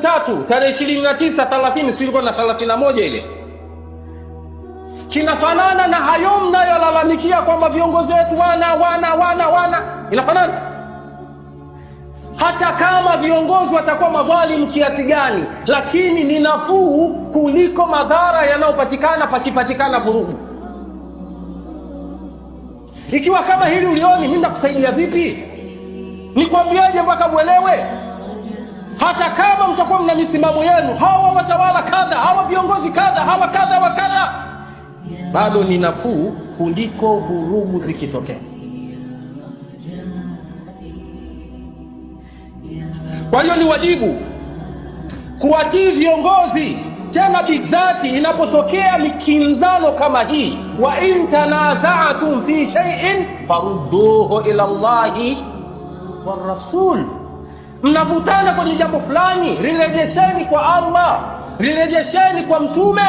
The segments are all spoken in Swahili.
tatu tarehe ishirini na tisa silikuwa na na moja ile kinafanana na hayo mnayolalamikia kwamba viongozi wetu wana wana wana wana inafanana hata kama viongozi watakuwa madhalimu kiasi gani lakini ni nafuu kuliko madhara yanayopatikana pakipatikana vurugu ikiwa kama hili ulioni mi nakusaidia vipi nikwambiaje mpaka mwelewe hata kama mtakuwa mna misimamo yenu, hawa watawala kadha, hawa viongozi kadha, hawa kadha wa kadha, bado ni nafuu kuliko vurugu zikitokea. Kwa hiyo ni wajibu kuwatii viongozi, tena bidhati inapotokea mikinzano kama hii, wa in tanaza'tum fi shay'in farudduhu ila Allahi wa rasul mnavutana kwenye jambo fulani, rirejesheni kwa Allah, rirejesheni kwa Mtume.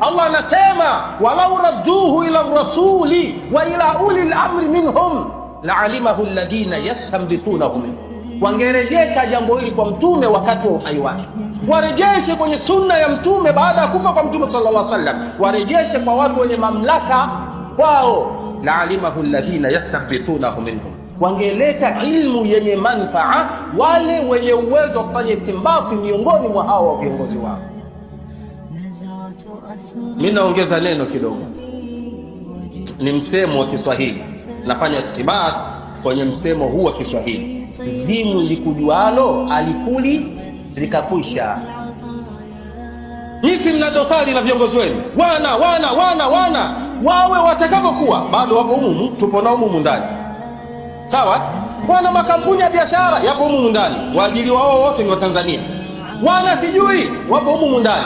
Allah anasema walau radduhu ila rasuli wa ila ulil amri minhum laalimahu alladhina yastambitunahu minhum, wangerejesha jambo hili kwa mtume wakati wa uhai wake, warejeshe kwenye sunna ya mtume baada ya kufa kwa mtume sallallahu alaihi wasallam, warejeshe kwa watu wenye mamlaka kwao, laalimahu alladhina yastambitunahu minhum wangeleta ilmu yenye manfaa wale wenye uwezo wa kufanya istimbathi miongoni mwa hawa viongozi wao. Mi naongeza neno kidogo, ni msemo wa Kiswahili, nafanya tisibas kwenye msemo huu wa Kiswahili: zimu likujualo alikuli likakwisha. Nyisi mnadosali na viongozi wenu, wana wana wana wana wawe watakavyokuwa, bado wako umumu, tupo na umumu ndani sawa. Wana makampuni ya biashara yapo humu ndani, waajiri wao wote ni Watanzania. Wana sijui wapo humu ndani.